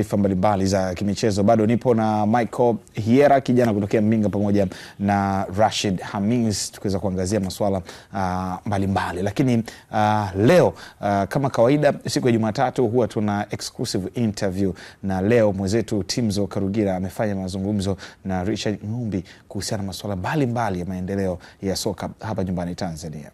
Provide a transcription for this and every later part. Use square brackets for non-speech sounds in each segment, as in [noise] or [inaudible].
Taarifa mbalimbali za kimichezo. Bado nipo na Michael Hiera, kijana kutokea Mbinga, pamoja na Rashid Hamis, tukiweza kuangazia masuala ah, mbalimbali uh, mbali. Lakini uh, leo uh, kama kawaida siku ya Jumatatu huwa tuna exclusive interview, na leo mwenzetu Timzo Karugira amefanya mazungumzo na Richard Ng'umbi kuhusiana na masuala mbalimbali ya maendeleo ya soka hapa nyumbani Tanzania.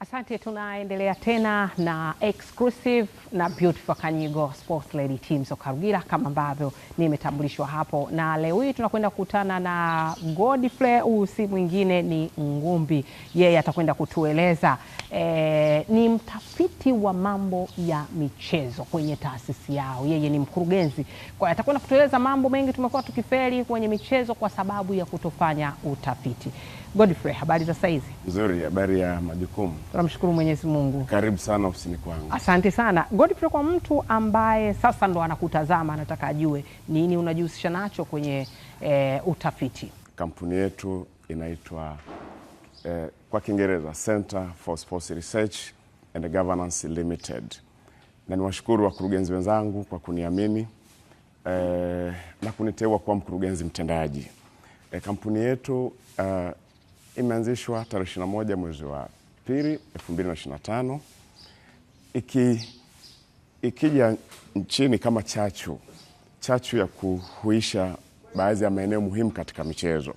Asante, tunaendelea tena na exclusive na Beautiful Kanyigo Sports Lady Team soka kama ambavyo nimetambulishwa hapo, na leo hii tunakwenda kukutana na Godfrey, huyu si mwingine ni Ngumbi. Yeye atakwenda kutueleza e, ni mtafiti wa mambo ya michezo kwenye taasisi yao, yeye ni mkurugenzi. Kwa hiyo atakwenda kutueleza mambo mengi tumekuwa tukifeli kwenye michezo kwa sababu ya kutofanya utafiti. Godfrey, habari za saizi? Nzuri, habari ya majukumu Tunamshukuru Mwenyezi Mungu. Karibu sana ofisini kwangu. Asante sana Godfrey. Kwa mtu ambaye sasa ndo anakutazama anataka ajue nini unajihusisha nacho kwenye e, utafiti. Kampuni yetu inaitwa e, kwa Kiingereza Center for Sports Research and Governance Limited, na niwashukuru wakurugenzi wenzangu kwa kuniamini e, na kuniteua kuwa mkurugenzi mtendaji. E, kampuni yetu e, imeanzishwa tarehe 21 mwezi wa pili 2025 iki ikija nchini kama chachu chachu ya kuhuisha baadhi ya maeneo muhimu katika michezo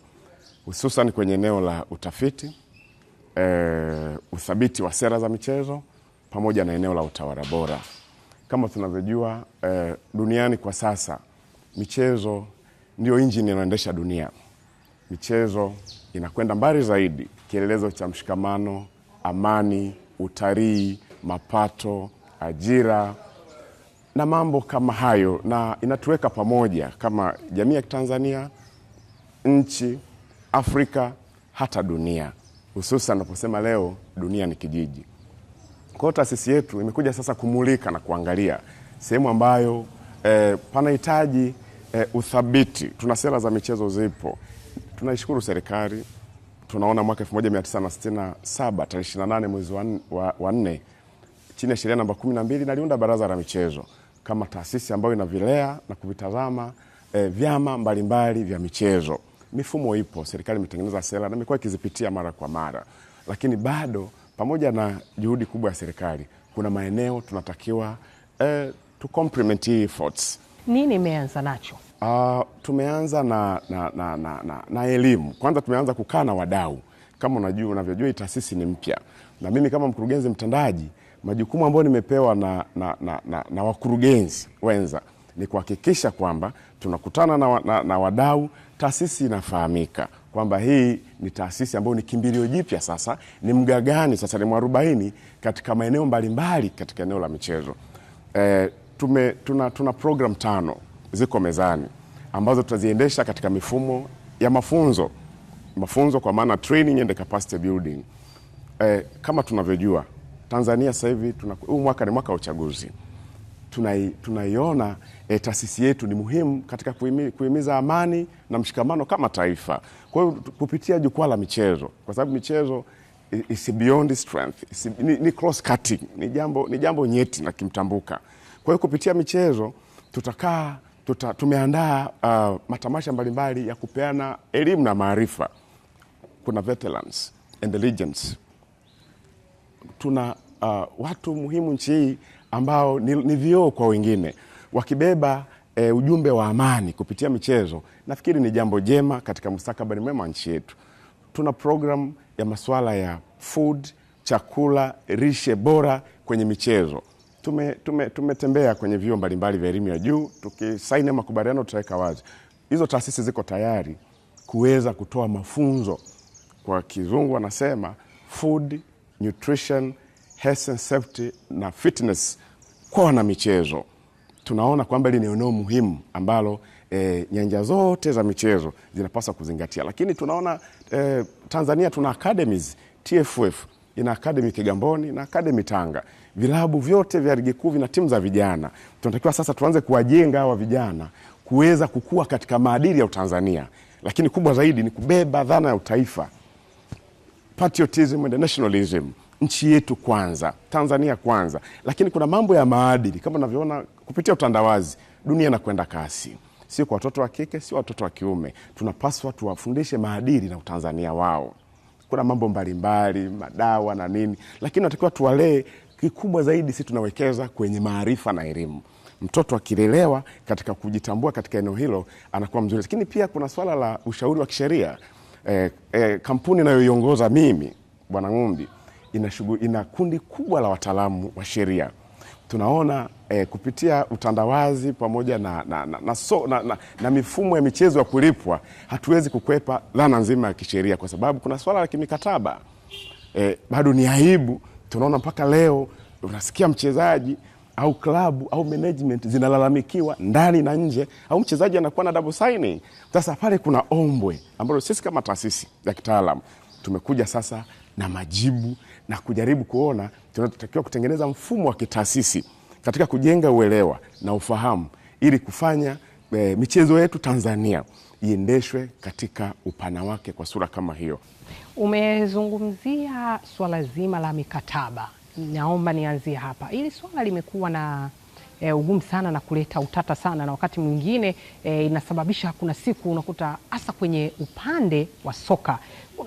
hususan kwenye eneo la utafiti e, uthabiti wa sera za michezo pamoja na eneo la utawala bora. Kama tunavyojua e, duniani kwa sasa michezo ndio injini inayoendesha dunia. Michezo inakwenda mbali zaidi, kielelezo cha mshikamano amani, utalii, mapato, ajira na mambo kama hayo, na inatuweka pamoja kama jamii ya Tanzania, nchi, Afrika, hata dunia, hususan naposema leo dunia ni kijiji. Kwa hiyo taasisi yetu imekuja sasa kumulika na kuangalia sehemu ambayo eh, panahitaji eh, uthabiti. Tuna sera za michezo zipo, tunaishukuru serikali tunaona mwaka 1967 tarehe 28 mwezi wa 4 chini ya sheria namba 12 naliunda baraza la michezo kama taasisi ambayo inavilea na kuvitazama e, vyama mbalimbali vya michezo. Mifumo ipo, serikali imetengeneza sera na imekuwa ikizipitia mara kwa mara, lakini bado pamoja na juhudi kubwa ya serikali, kuna maeneo tunatakiwa eh, to complement efforts. Nini imeanza nacho? Uh, tumeanza na, na, na, na, na, na elimu kwanza. Tumeanza kukaa na wadau kama unajua unavyojua, taasisi ni mpya, na mimi kama mkurugenzi mtendaji majukumu ambayo nimepewa na, na, na, na, na wakurugenzi wenza ni kuhakikisha kwamba tunakutana na, na, na wadau, taasisi inafahamika kwamba hii ni taasisi ambayo ni kimbilio jipya sasa, ni mgagani sasa, ni mwarubaini katika maeneo mbalimbali katika eneo la michezo. Eh, tume, tuna, tuna program tano ziko mezani ambazo tutaziendesha katika mifumo ya mafunzo, mafunzo kwa maana training and capacity building. Eh, kama tunavyojua Tanzania sasa hivi huu mwaka ni mwaka wa uchaguzi. Tunai, tunaiona eh, taasisi yetu ni muhimu katika kuhimiza amani na mshikamano kama taifa. Kwa hiyo kupitia jukwaa la michezo, kwa sababu michezo is beyond strength is, ni, ni cross cutting, ni jambo, ni jambo nyeti na kimtambuka. Kwa hiyo kupitia michezo tutakaa tuta, tumeandaa uh, matamasha mbalimbali ya kupeana elimu na maarifa. Kuna veterans and legends, tuna uh, watu muhimu nchi hii ambao ni, ni vioo kwa wengine wakibeba E, ujumbe wa amani kupitia michezo nafikiri ni jambo jema katika mustakabali mwema nchi yetu. Tuna programu ya masuala ya food, chakula, lishe bora kwenye michezo tumetembea tume, tume kwenye vyuo mbalimbali vya elimu ya juu tukisaini makubaliano, tutaweka wazi hizo taasisi ziko tayari kuweza kutoa mafunzo kwa kizungu wanasema food nutrition health and safety na fitness kwa michezo Tunaona kwamba hili ni eneo muhimu ambalo e, nyanja zote za michezo zinapaswa kuzingatia, lakini tunaona e, Tanzania tuna academies TFF ina akademi Kigamboni na akademi Tanga. Vilabu vyote vya ligi kuu vina timu za vijana. Tunatakiwa sasa tuanze kuwajenga hawa vijana kuweza kukua katika maadili ya Utanzania, lakini kubwa zaidi ni kubeba dhana ya utaifa, patriotism and nationalism, nchi yetu kwanza, Tanzania kwanza. Lakini kuna mambo ya maadili kama unavyoona kupitia utandawazi, dunia inakwenda kasi sio kwa watoto wa kike, sio watoto wa kiume. Tunapaswa tuwafundishe maadili na utanzania wao kuna mambo mbalimbali mbali, madawa na nini, lakini natakiwa tuwalee. Kikubwa zaidi sisi tunawekeza kwenye maarifa na elimu. Mtoto akilelewa katika kujitambua katika eneo hilo anakuwa mzuri, lakini pia kuna swala la ushauri wa kisheria. Eh, eh, kampuni inayoiongoza mimi Bwana Ng'umbi ina kundi kubwa la wataalamu wa sheria tunaona e, kupitia utandawazi pamoja na, na, na, na, so, na, na, na mifumo ya michezo ya kulipwa hatuwezi kukwepa dhana nzima ya kisheria, kwa sababu kuna swala la kimikataba e, bado ni aibu. Tunaona mpaka leo unasikia mchezaji au klabu au management zinalalamikiwa ndani na nje, au mchezaji anakuwa na double signing. Sasa pale kuna ombwe ambalo sisi kama taasisi ya kitaalamu tumekuja sasa na majibu na kujaribu kuona tunatakiwa kutengeneza mfumo wa kitaasisi katika kujenga uelewa na ufahamu ili kufanya e, michezo yetu Tanzania iendeshwe katika upana wake kwa sura kama hiyo. Umezungumzia swala zima la mikataba, naomba nianzie hapa. Hili swala limekuwa na e, ugumu sana na kuleta utata sana, na wakati mwingine e, inasababisha kuna siku unakuta hasa kwenye upande wa soka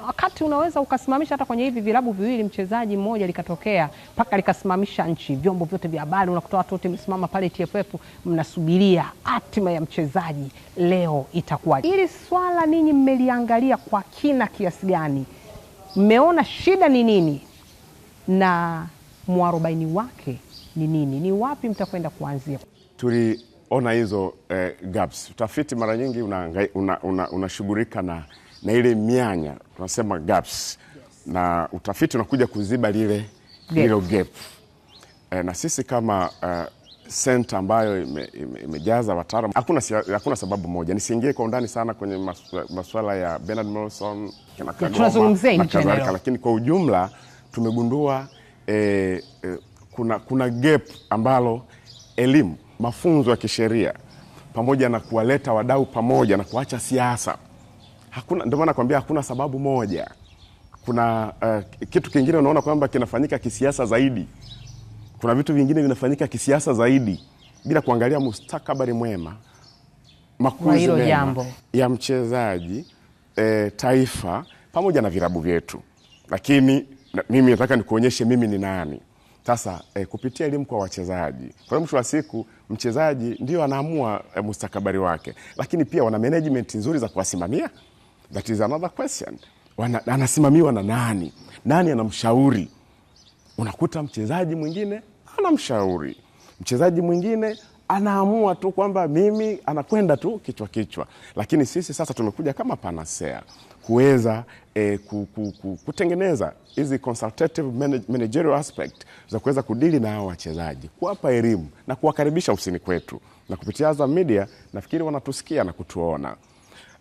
wakati unaweza ukasimamisha hata kwenye hivi vilabu viwili mchezaji mmoja likatokea mpaka likasimamisha nchi. Vyombo vyote vya habari unakuta watu wote msimama pale TFF, mnasubiria hatima ya mchezaji leo itakuwa. Ili swala ninyi mmeliangalia kwa kina kiasi gani? Mmeona shida ni nini na mwarobaini wake ni nini? Ni wapi mtakwenda kuanzia? Tuliona hizo eh, gaps. Utafiti mara nyingi unashughulika una, una, una na na ile mianya tunasema gaps yes. na utafiti unakuja kuziba lile hilo gap e, na sisi kama uh, center ambayo imejaza ime, wataalamu hakuna, hakuna sababu moja. Nisiingie kwa undani sana kwenye maswala, ya Bernard Morrison kadhalika, lakini kwa ujumla tumegundua e, e, kuna, kuna gap ambalo elimu, mafunzo ya kisheria pamoja na kuwaleta wadau pamoja na kuacha siasa hakuna, ndio maana nakwambia hakuna sababu moja. Kuna uh, kitu kingine unaona kwamba kinafanyika kisiasa zaidi, kuna vitu vingine vinafanyika kisiasa zaidi bila kuangalia mustakabali mwema, makuzi mema jambo ya mchezaji e, taifa pamoja na virabu vyetu. Lakini na, mimi nataka nikuonyeshe mimi ni nani sasa e, kupitia elimu kwa wachezaji. Kwa hiyo mwisho wa siku mchezaji ndio anaamua e, mustakabali wake, lakini pia wana management nzuri za kuwasimamia That is another question. Wana, anasimamiwa na nani? Nani anamshauri? Unakuta mchezaji mwingine anamshauri, mchezaji mwingine anaamua tu kwamba mimi, anakwenda tu kichwa kichwa. Lakini sisi sasa tumekuja kama panasea kuweza eh, ku, kutengeneza hizi consultative managerial aspect za kuweza kudili na hao wachezaji, kuwapa elimu na kuwakaribisha ofisini kwetu, na kupitia Azam Media nafikiri wanatusikia na kutuona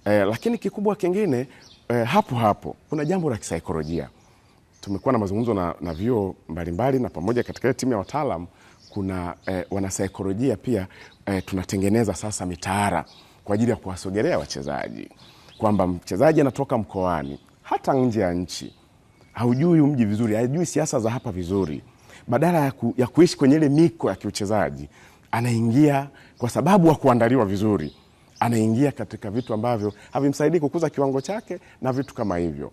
eh, lakini kikubwa kingine eh, hapo hapo kuna jambo la kisaikolojia. Tumekuwa na mazungumzo na, na vyuo mbalimbali na pamoja katika timu ya wataalam kuna eh, wanasaikolojia pia eh, tunatengeneza sasa mitaara kwa ajili ya kuwasogelea wachezaji kwamba mchezaji anatoka mkoani hata nje ya nchi, haujui mji vizuri, hajui siasa za hapa vizuri, badala ya, ku, ya kuishi kwenye ile miko ya kiuchezaji anaingia kwa sababu wa kuandaliwa vizuri anaingia katika vitu ambavyo havimsaidii kukuza kiwango chake na vitu kama hivyo.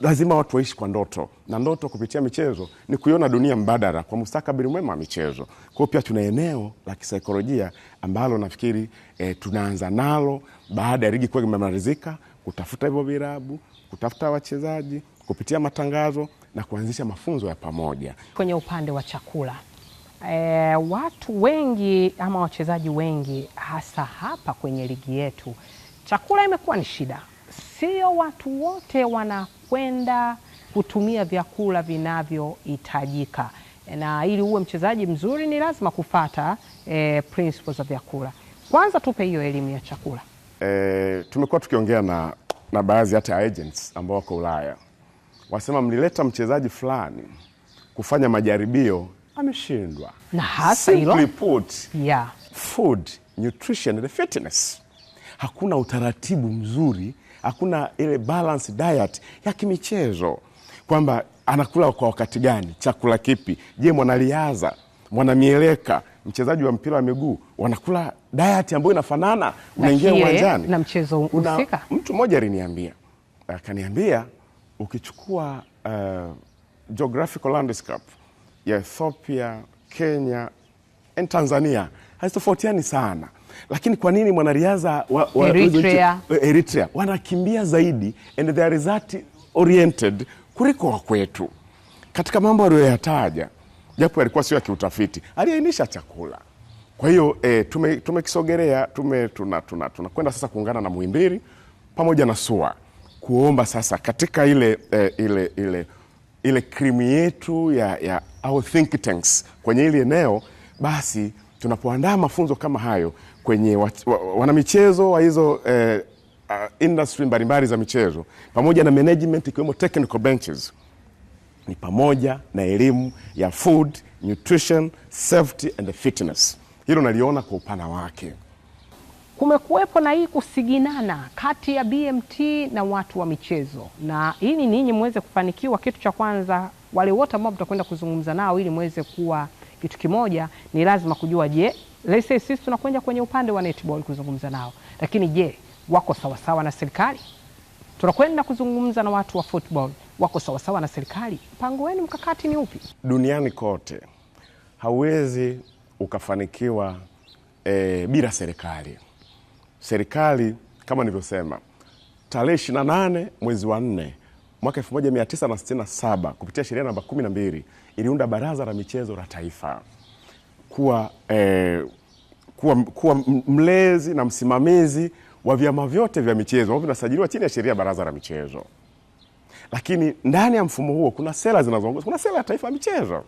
Lazima watu waishi kwa ndoto, na ndoto kupitia michezo ni kuiona dunia mbadala kwa mustakabali mwema wa michezo. Kwa hiyo pia tuna eneo la kisaikolojia ambalo nafikiri e, tunaanza nalo baada ya ligi kuwa imemalizika, kutafuta hivyo virabu, kutafuta wachezaji kupitia matangazo na kuanzisha mafunzo ya pamoja kwenye upande wa chakula. E, watu wengi ama wachezaji wengi hasa hapa kwenye ligi yetu, chakula imekuwa ni shida. Sio watu wote wanakwenda kutumia vyakula vinavyohitajika, na ili uwe mchezaji mzuri ni lazima kufata e, principles za vyakula. Kwanza tupe hiyo elimu ya chakula. E, tumekuwa tukiongea na, na baadhi hata agents ambao wako Ulaya, wasema mlileta mchezaji fulani kufanya majaribio ameshindwa. Na hasa hilo put, yeah. Food, nutrition the fitness, hakuna utaratibu mzuri, hakuna ile balance diet ya kimichezo kwamba anakula kwa wakati gani, chakula kipi. Je, mwanaliaza mwanamieleka, mchezaji wa mpira wa miguu wanakula diet ambayo inafanana, unaingia uwanjani na mchezo una, Mtu mmoja aliniambia akaniambia, ukichukua uh, geographical landscape ya Ethiopia, Kenya and Tanzania hazitofautiani sana, lakini kwa nini mwanariadha wa, wa Eritrea, Eritrea wanakimbia zaidi and they are result oriented kuliko wa kwetu katika mambo aliyoyataja, japo yalikuwa sio ya kiutafiti, aliainisha chakula. Kwa hiyo e, tumekisogelea tume tunakwenda tume, tuna, tuna, sasa kuungana na Muhimbili pamoja na SUA kuomba sasa katika ile, e, ile, ile, ile krimu yetu ya, ya au think tanks kwenye hili eneo, basi tunapoandaa mafunzo kama hayo kwenye wa, wa, wanamichezo wa hizo eh, uh, industry mbalimbali za michezo pamoja na management ikiwemo technical benches ni pamoja na elimu ya food nutrition safety and fitness. Hilo naliona kwa upana wake. Kumekuwepo na hii kusiginana kati ya BMT na watu wa michezo, na ili ninyi muweze kufanikiwa, kitu cha kwanza wale wote ambao mtakwenda kuzungumza nao ili muweze kuwa kitu kimoja, ni lazima kujua, je, let's say sisi tunakwenda kwenye upande wa netball kuzungumza nao, lakini je, wako sawasawa na serikali? Tunakwenda kuzungumza na watu wa football, wako sawasawa na serikali? Mpango wenu mkakati ni upi? Duniani kote hauwezi ukafanikiwa e, bila serikali. Serikali kama nilivyosema, tarehe 28 mwezi wa nne mwaka 1967 kupitia sheria namba 12 iliunda Baraza la Michezo la Taifa kuwa, eh, kuwa, kuwa mlezi na msimamizi wa vyama vyote vya michezo ambavyo vinasajiliwa chini ya sheria ya Baraza la Michezo. Lakini ndani ya mfumo huo kuna sera zinazoongoza. Kuna sera ya taifa ya michezo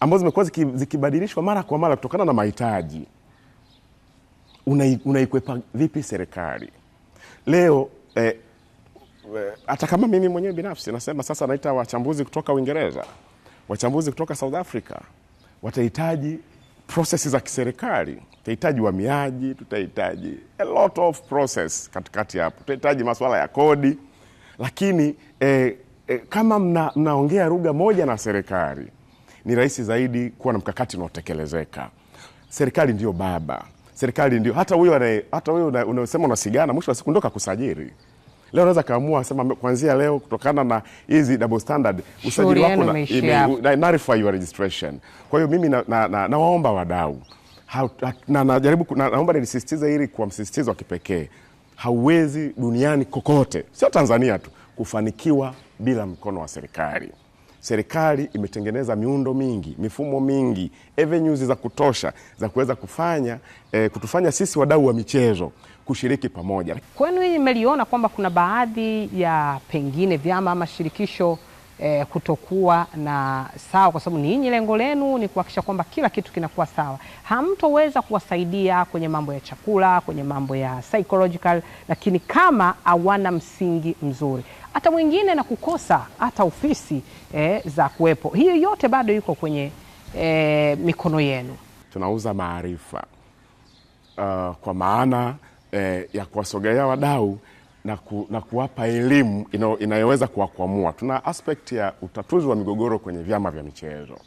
ambazo zimekuwa zikibadilishwa mara kwa mara kutokana na mahitaji. Unaikwepa una vipi serikali leo? Eh, hata kama mimi mwenyewe binafsi nasema sasa, naita wachambuzi kutoka Uingereza, wachambuzi kutoka South Africa, watahitaji prosesi za kiserikali, tutahitaji wamiaji tutahitaji a lot of process katikati hapo, tutahitaji masuala ya kodi, lakini eh, eh, kama mna, mnaongea lugha moja na serikali ni rahisi zaidi kuwa na mkakati unaotekelezeka. Serikali ndiyo baba, serikali ndio hata huyo hata huyo unasigana, mwisho wa siku ndo kakusajiri Leo naweza kaamua sema kuanzia leo, kutokana na hizi double standard, usajili wako na nullify your registration. Kwa hiyo mimi nawaomba na, na, na wadau na, najaribu na, naomba nilisisitiza hili kwa msisitizo wa kipekee. Hauwezi duniani kokote, sio Tanzania tu, kufanikiwa bila mkono wa serikali serikali imetengeneza miundo mingi, mifumo mingi, avenues za kutosha za kuweza kufanya eh, kutufanya sisi wadau wa michezo kushiriki pamoja. Kwenu hii imeliona kwamba kuna baadhi ya pengine vyama ama shirikisho eh, kutokuwa na sawa, kwa sababu ninyi lengo lenu ni kuhakikisha kwamba kila kitu kinakuwa sawa. Hamtoweza kuwasaidia kwenye mambo ya chakula, kwenye mambo ya psychological, lakini kama hawana msingi mzuri hata mwingine na kukosa hata ofisi eh, za kuwepo. Hiyo yote bado iko kwenye eh, mikono yenu. Tunauza maarifa uh, kwa maana eh, ya kuwasogelea wadau na, ku, na kuwapa elimu ino, inayoweza kuwakwamua. Tuna aspect ya utatuzi wa migogoro kwenye vyama vya michezo,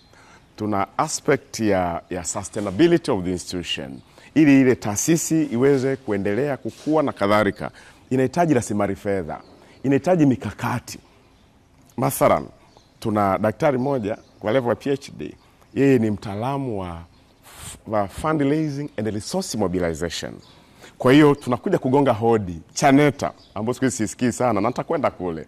tuna aspect ya, ya sustainability of the institution ili ile taasisi iweze kuendelea kukua na kadhalika, inahitaji rasilimali fedha inahitaji mikakati. Mathalan, tuna daktari moja kwa level ya PhD, yeye ni mtaalamu wa, wa fundraising and resource mobilization. Kwa hiyo tunakuja kugonga hodi Chaneta, ambao siku hizi sisikii sana na nitakwenda kule.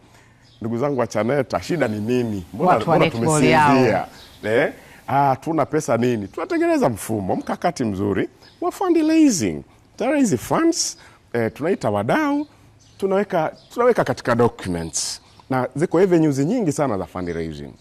Ndugu zangu wa Chaneta, shida ni nini? Mbona tumesinzia eh? Ah, tuna pesa nini? Tunatengeneza mfumo mkakati mzuri wa fundraising, funds eh, tunaita wadau tunaweka, tunaweka katika documents na ziko avenues nyingi sana za fundraising,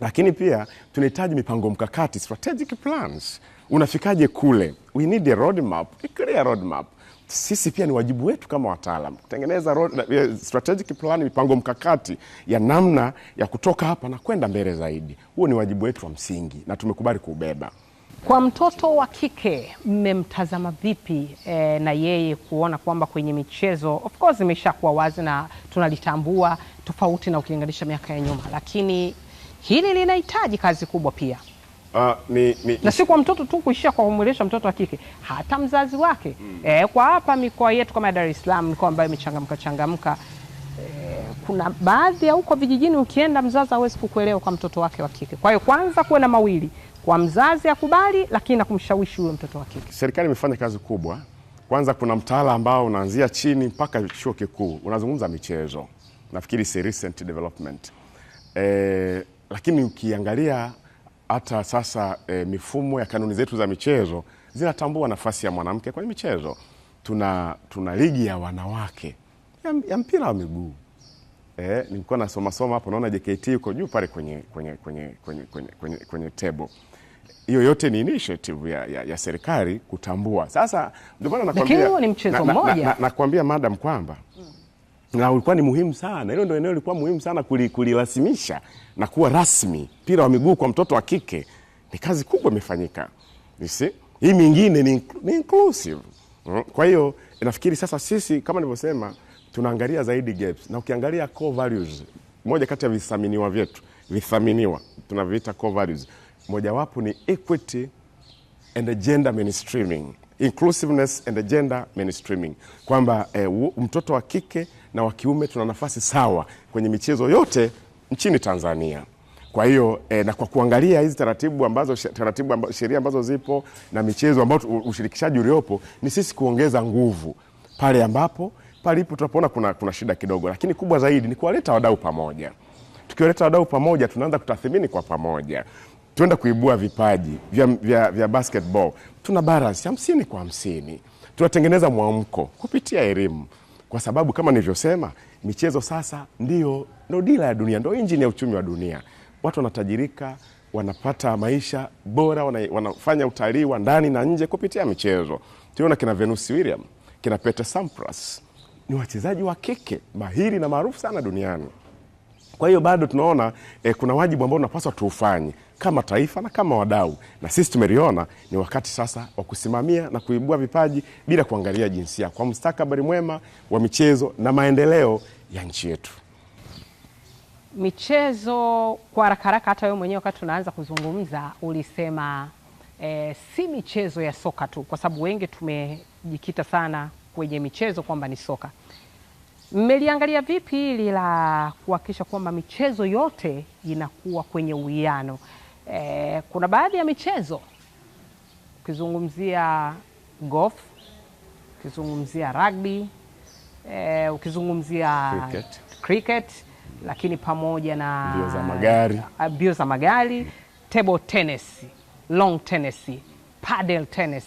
lakini pia tunahitaji mipango mkakati, strategic plans. Unafikaje kule? We need a roadmap, a clear roadmap. Sisi pia ni wajibu wetu kama wataalam kutengeneza eh, strategic plan, mipango mkakati ya namna ya kutoka hapa na kwenda mbele zaidi. Huo ni wajibu wetu wa msingi na tumekubali kuubeba. Kwa mtoto wa kike mmemtazama vipi eh, na yeye kuona kwamba kwenye michezo of course imeshakuwa wazi na tunalitambua tofauti na ukilinganisha miaka ya nyuma, lakini hili linahitaji kazi kubwa pia. Uh, mi, mi, na si kwa mtoto tu kuishia kwa kumwelesha mtoto wa kike, hata mzazi wake mm. Eh, kwa hapa mikoa yetu kama ya Dar es Salaam, mikoa ambayo imechangamka changamka, eh, kuna baadhi ya huko vijijini ukienda, mzazi hawezi kukuelewa kwa mtoto wake wa kike. Kwa hiyo kwanza kuwe na mawili kwa mzazi akubali, lakini na kumshawishi huyo mtoto wa kike. Serikali imefanya kazi kubwa. Kwanza kuna mtaala ambao unaanzia chini mpaka chuo kikuu unazungumza michezo, nafikiri si recent development e, lakini ukiangalia hata sasa e, mifumo ya kanuni zetu za michezo zinatambua nafasi ya mwanamke kwenye michezo. Tuna, tuna ligi ya wanawake ya, ya mpira wa miguu e, nilikuwa nasomasoma hapo naona JKT yuko juu pale kwenye, kwenye, kwenye, kwenye, kwenye, kwenye, kwenye table hiyo yote ni initiative ya, ya, ya serikali kutambua. Sasa ndio maana nakwambia ni mchezo mmoja na, nakwambia na, na, madam kwamba mm, na ulikuwa ni muhimu sana, hilo ndio eneo lilikuwa muhimu sana kulirasimisha na kuwa rasmi. Mpira wa miguu kwa mtoto wa kike ni kazi kubwa imefanyika, hii mingine ni, ni inclusive. mm. Kwa hiyo nafikiri sasa sisi kama nilivyosema, tunaangalia zaidi gaps na ukiangalia core values, moja kati ya vithaminiwa vyetu vithaminiwa tunaviita core values mojawapo ni equity and gender mainstreaming, inclusiveness and gender mainstreaming, kwamba e, mtoto wa kike na wa kiume tuna nafasi sawa kwenye michezo yote nchini Tanzania. Kwa hiyo e, na kwa kuangalia hizi taratibu ambazo taratibu ambazo, sheria ambazo zipo na michezo ambayo ushirikishaji uliopo, ni sisi kuongeza nguvu pale ambapo palipo tunapoona kuna, kuna shida kidogo, lakini kubwa zaidi ni kuwaleta wadau pamoja. Tukiwaleta wadau pamoja, tunaanza kutathimini kwa pamoja, tuenda kuibua vipaji vya, vya, vya basketball. Tuna balance hamsini kwa hamsini, tunatengeneza mwamko kupitia elimu, kwa sababu kama nilivyosema, michezo sasa ndio ndio dira ya dunia, ndio injini ya uchumi wa dunia. Watu wanatajirika, wanapata maisha bora, wana, wanafanya utalii wa ndani na nje kupitia michezo. tuliona kina Venus william kina Pete Sampras ni wachezaji wa kike mahiri na maarufu sana duniani. Kwa hiyo bado tunaona eh, kuna wajibu ambao tunapaswa tuufanye kama taifa na kama wadau, na sisi tumeliona ni wakati sasa wa kusimamia na kuibua vipaji bila kuangalia jinsia, kwa mustakabali mwema wa michezo na maendeleo ya nchi yetu. Michezo kwa haraka haraka, hata wewe mwenyewe wakati tunaanza kuzungumza ulisema e, si michezo ya soka tu, kwa sababu wengi tumejikita sana kwenye michezo kwamba ni soka. Mmeliangalia vipi hili la kuhakikisha kwamba michezo yote inakuwa kwenye uwiano? E, kuna baadhi ya michezo ukizungumzia golf, ukizungumzia rugby e, ukizungumzia cricket, cricket lakini pamoja na mbio za magari, ah, mbio za magari, table tennis, long tennis, paddle tennis,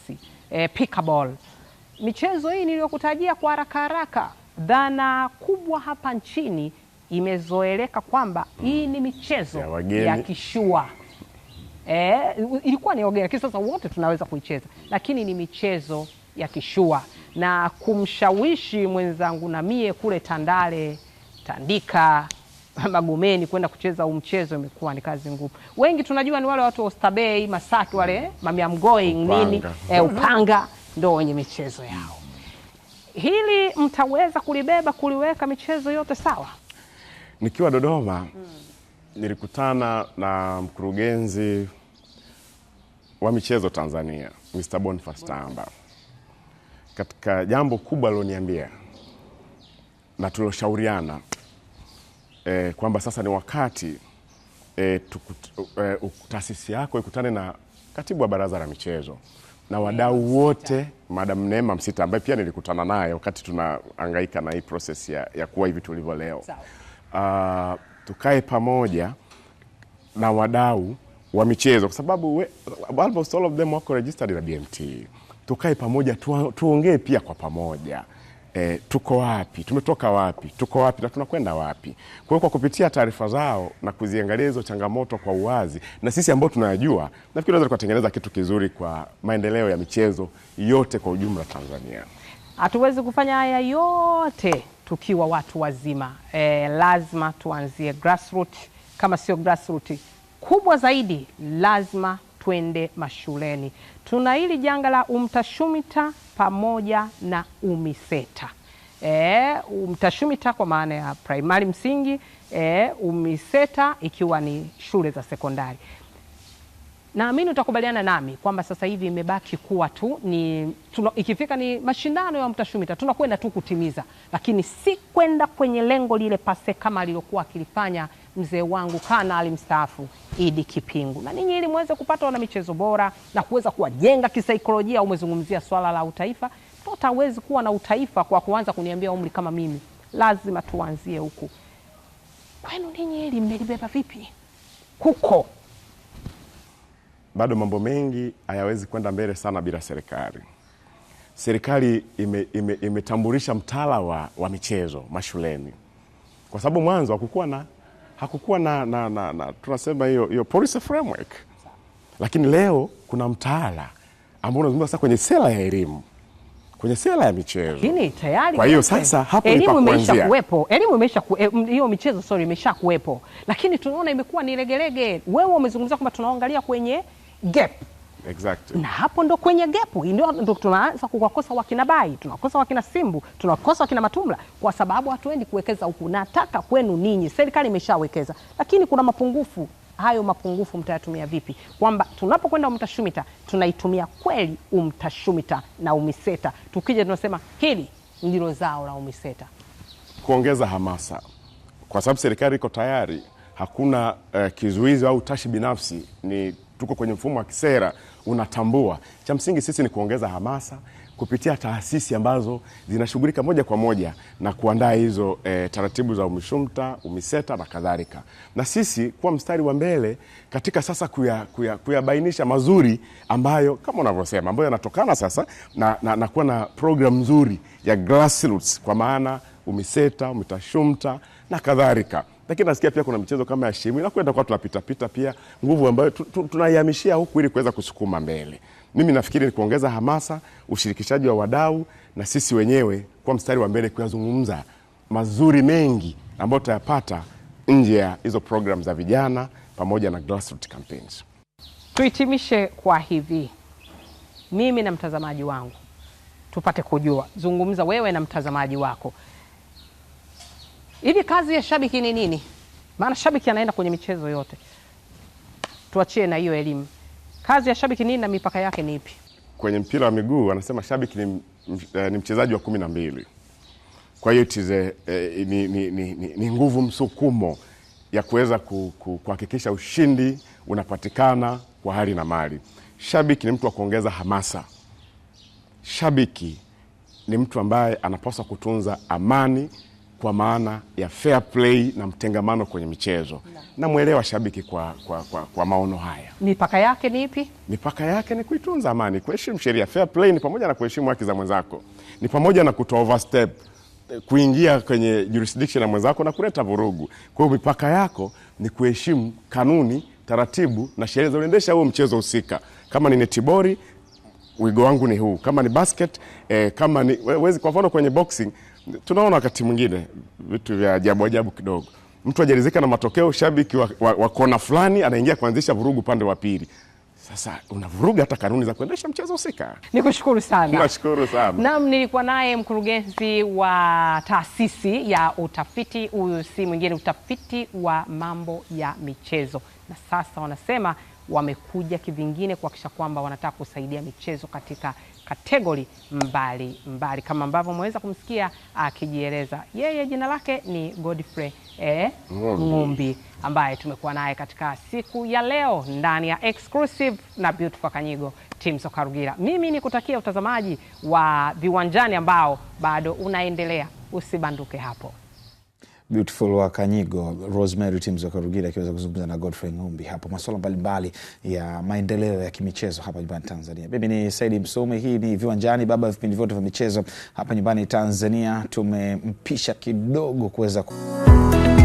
e, pickleball. Michezo hii niliyokutajia kwa haraka haraka, dhana kubwa hapa nchini imezoeleka kwamba hii ni michezo ya, ya kishua eh, ilikuwa ni ogeni, lakini sasa wote tunaweza kuicheza, lakini ni michezo ya kishua na kumshawishi mwenzangu na mie kule Tandale, Tandika, [laughs] Magomeni kwenda kucheza huu mchezo imekuwa ni kazi ngumu. Wengi tunajua ni wale watu wa Oysterbay, Masaki wale eh, Mamiamgoi nini eh, Upanga ndo wenye michezo yao. Hili mtaweza kulibeba kuliweka michezo yote sawa? Nikiwa Dodoma hmm, nilikutana na mkurugenzi wa michezo Tanzania Mr. Boniface Tamba katika jambo kubwa aliloniambia na tuloshauriana e, kwamba sasa ni wakati e, e, taasisi yako ikutane na katibu wa baraza la michezo na wadau wote, Madam Neema Msita ambaye pia nilikutana naye wakati tunaangaika na hii process ya, ya kuwa hivi tulivyo leo. Uh, tukae pamoja na wadau wa michezo, kwa sababu we, almost all of them wako registered na BMT. Tukae pamoja tu, tuongee pia kwa pamoja e, tuko wapi, tumetoka wapi, tuko wapi na tunakwenda wapi. Kwa hiyo kwa kupitia taarifa zao na kuziangalia hizo changamoto kwa uwazi, na sisi ambao tunayajua, nafikiri tunaweza tukatengeneza kitu kizuri kwa maendeleo ya michezo yote kwa ujumla Tanzania. Hatuwezi kufanya haya yote tukiwa watu wazima. E, lazima tuanzie grassroots, kama sio grassroots kubwa zaidi, lazima twende mashuleni. Tuna hili janga la umtashumita pamoja na umiseta. E, umtashumita kwa maana ya primary msingi, e, umiseta ikiwa ni shule za sekondari. Naamini utakubaliana nami kwamba sasa hivi imebaki kuwa tu ni tuna, ikifika ni mashindano ya mtashumita tunakwenda tu kutimiza, lakini si kwenda kwenye lengo lile pase kama alilokuwa akilifanya mzee wangu kanali mstaafu Idi Kipingu, na ninyi ili mweze kupata wana michezo bora na kuweza kuwajenga kisaikolojia. Umezungumzia swala la utaifa, mtoto hawezi kuwa na utaifa kwa kuanza kuniambia umri kama mimi, lazima tuanzie huku kwenu. Ninyi ili mmelibeba vipi huko? Bado mambo mengi hayawezi kwenda mbele sana bila serikali. Serikali imetambulisha ime, ime mtaala wa, wa michezo mashuleni, kwa sababu mwanzo hakukuwa na hakukuwa na, na, na, na tunasema hiyo hiyo policy framework, lakini leo kuna mtaala ambao unazungumza sasa kwenye sera ya elimu kwenye sera ya michezo. Lakini tayari kwa hiyo sasa hapo ni pa Kuwepo. Elimu imesha eh, hiyo michezo sorry imesha kuwepo. Lakini tunaona imekuwa ni legelege. Wewe umezungumzia kwamba tunaangalia kwenye gap exactly. Na hapo ndo kwenye gepu ndio ndo tunaanza kuwakosa wakina Bai, tunakosa wakina Simbu, tunakosa wakina Matumla kwa sababu hatuendi kuwekeza huku. Nataka kwenu ninyi, serikali imeshawekeza, lakini kuna mapungufu hayo mapungufu mtayatumia vipi? Kwamba tunapokwenda UMTASHUMITA tunaitumia kweli UMTASHUMITA na UMISETA. Tukija tunasema hili ndilo zao la UMISETA, kuongeza hamasa, kwa sababu serikali iko tayari, hakuna uh, kizuizi au tashi binafsi, ni tuko kwenye mfumo wa kisera unatambua. Cha msingi sisi ni kuongeza hamasa kupitia taasisi ambazo zinashughulika moja kwa moja na kuandaa hizo e, taratibu za UMISHUMTA, UMISETA na kadhalika, na sisi kuwa mstari wa mbele katika sasa kuyabainisha kuya, kuya mazuri ambayo kama unavyosema ambayo yanatokana sasa na, na, na kuwa na programu nzuri ya grassroots kwa maana UMISETA, UMITASHUMTA na kadhalika lakini nasikia pia kuna michezo kama ya shimu inakwenda tutakuwa tunapitapita pia nguvu ambayo tunaihamishia huku ili kuweza kusukuma mbele. Mimi nafikiri ni kuongeza hamasa, ushirikishaji wa wadau na sisi wenyewe kwa mstari wa mbele kuyazungumza mazuri mengi ambayo tutayapata nje ya hizo programu za vijana pamoja na grassroots campaigns. Tuhitimishe kwa hivi, mimi na mtazamaji wangu tupate kujua, zungumza wewe na mtazamaji wako. Hivi kazi ya shabiki ni nini? Maana shabiki anaenda kwenye michezo yote, tuachie na hiyo elimu. Kazi ya shabiki nini na mipaka yake ni ipi? Kwenye mpira wa miguu anasema shabiki ni, eh, ni mchezaji wa kumi na mbili. Kwa hiyo eh, ni, ni, ni, ni, ni nguvu msukumo ya kuweza kuhakikisha ku, ushindi unapatikana kwa hali na mali. Shabiki ni mtu wa kuongeza hamasa. Shabiki ni mtu ambaye anapaswa kutunza amani kwa maana ya fair play na mtengamano kwenye michezo na, na mwelewa shabiki kwa, kwa, kwa, kwa maono haya. Mipaka yake ni ipi? Mipaka yake ni kuitunza amani, kuheshimu sheria. Fair play ni pamoja na kuheshimu haki za mwenzako, ni pamoja na kuto overstep eh, kuingia kwenye jurisdiction ya mwenzako na kuleta vurugu. Kwa hiyo mipaka yako ni kuheshimu kanuni, taratibu na sheria za uendesha huo mchezo husika. Kama ni netibori, wigo wangu ni huu. Kama ni basket eh, kama ni wezi, kwa mfano kwenye boxing tunaona wakati mwingine vitu vya ajabu ajabu kidogo. Mtu ajarizika na matokeo, shabiki wa, wa, wa kona fulani anaingia kuanzisha vurugu upande wa pili. Sasa unavuruga hata kanuni za kuendesha mchezo husika. Nikushukuru sana. Nashukuru sana. Naam, nilikuwa naye mkurugenzi wa taasisi ya utafiti, huyu si mwingine, utafiti wa mambo ya michezo, na sasa wanasema wamekuja kivingine kuhakikisha kwamba wanataka kusaidia michezo katika kategori mbali mbali, kama ambavyo mweza kumsikia ah, akijieleza yeye. Jina lake ni Godfrey eh, Ng'umbi ambaye tumekuwa naye katika siku ya leo ndani ya exclusive na Beautiful Kanyigo Team Soka Rugira. Mimi ni kutakia utazamaji wa Viwanjani ambao bado unaendelea, usibanduke hapo. Beautiful Wakanyigo, Rosemary Timzokarugira akiweza kuzungumza na Godfrey Ngumbi hapo masuala mbalimbali ya maendeleo ya kimichezo hapa nyumbani Tanzania. Mimi ni Saidi Msumi, hii ni Viwanjani, baba ya vipindi vyote vya michezo hapa nyumbani Tanzania. Tumempisha kidogo kuweza